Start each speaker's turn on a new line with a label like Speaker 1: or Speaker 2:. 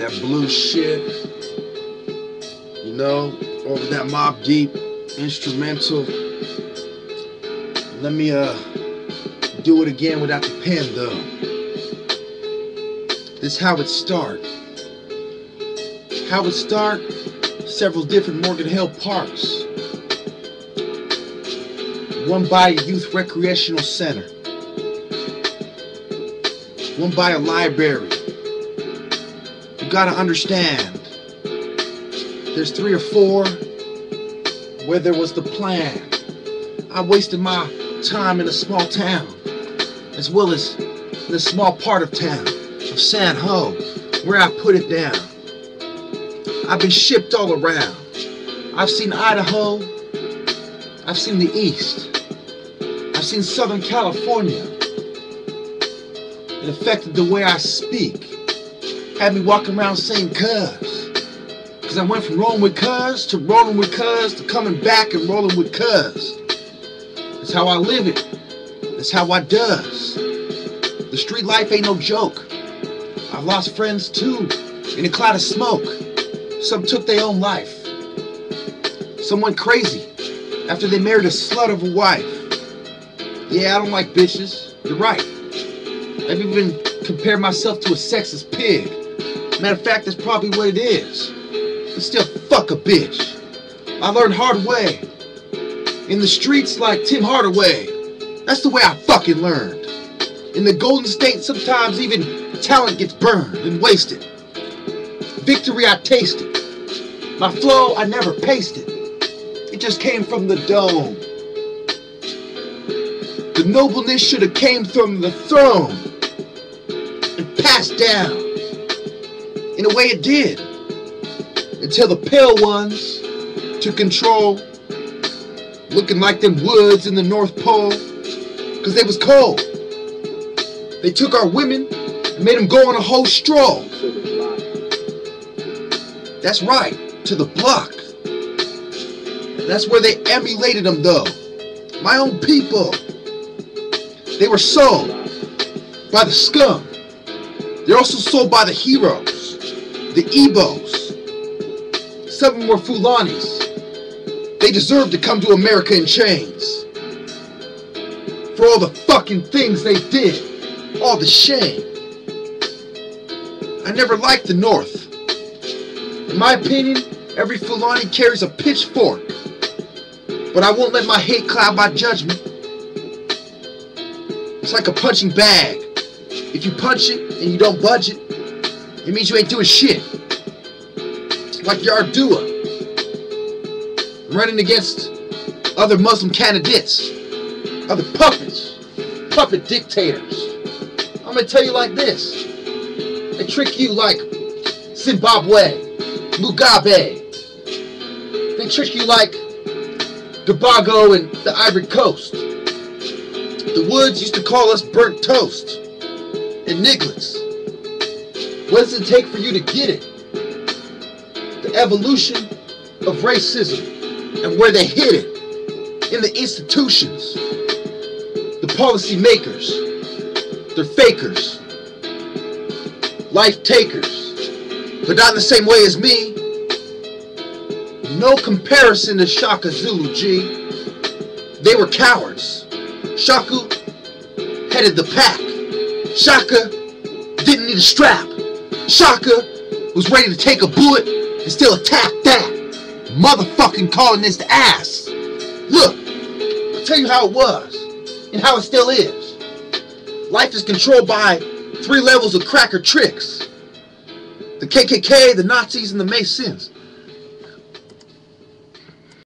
Speaker 1: that blue shit, you know, over that Mob Deep instrumental. Let me uh do it again without the pen though. This how it start. How it start? Several different Morgan Hill parks. One by a youth recreational center. One by a library you've got to understand there's three or four where there was the plan. I wasted my time in a small town, as well as in a small part of town, of San Ho, where I put it down. I've been shipped all around. I've seen Idaho. I've seen the East. I've seen Southern California. It affected the way I speak had me walking around saying cuz. Cause I went from rolling with cuz to rolling with cuz to coming back and rolling with cuz. That's how I live it. That's how I does. The street life ain't no joke. I've lost friends too in a cloud of smoke. Some took their own life. Some went crazy after they married a slut of a wife. Yeah, I don't like bitches. You're right. I've even compared myself to a sexist pig. Matter of fact, that's probably what it is. But still, fuck a bitch. I learned hard way. In the streets like Tim Hardaway. That's the way I fucking learned. In the Golden State, sometimes even talent gets burned and wasted. Victory I tasted. My flow I never pasted. It just came from the dome. The nobleness should have came from the throne and passed down. In a way, it did. Until the pale ones took control, looking like them woods in the North Pole, because they was cold. They took our women and made them go on a whole stroll. That's right, to the block. That's where they emulated them, though. My own people. They were sold by the scum. They're also sold by the heroes the Igbos, them were Fulanis. They deserve to come to America in chains. For all the fucking things they did, all the shame. I never liked the North. In my opinion, every Fulani carries a pitchfork. But I won't let my hate cloud my judgment. It's like a punching bag. If you punch it and you don't budge it, it means you ain't doing shit. Like ardua Running against other Muslim candidates. Other puppets. Puppet dictators. I'm going to tell you like this. They trick you like Zimbabwe. Mugabe. They trick you like Gabago and the Ivory Coast. The woods used to call us burnt toast and nigglets. What does it take for you to get it? The evolution of racism and where they hid it in the institutions, the policy makers, they're fakers, life takers, but not in the same way as me. No comparison to Shaka Zulu, G. They were cowards. Shaku headed the pack. Shaka didn't need a strap. Shaka was ready to take a bullet and still attack that. Motherfucking calling this the ass. Look, I'll tell you how it was and how it still is. Life is controlled by three levels of cracker tricks the KKK, the Nazis, and the Masons.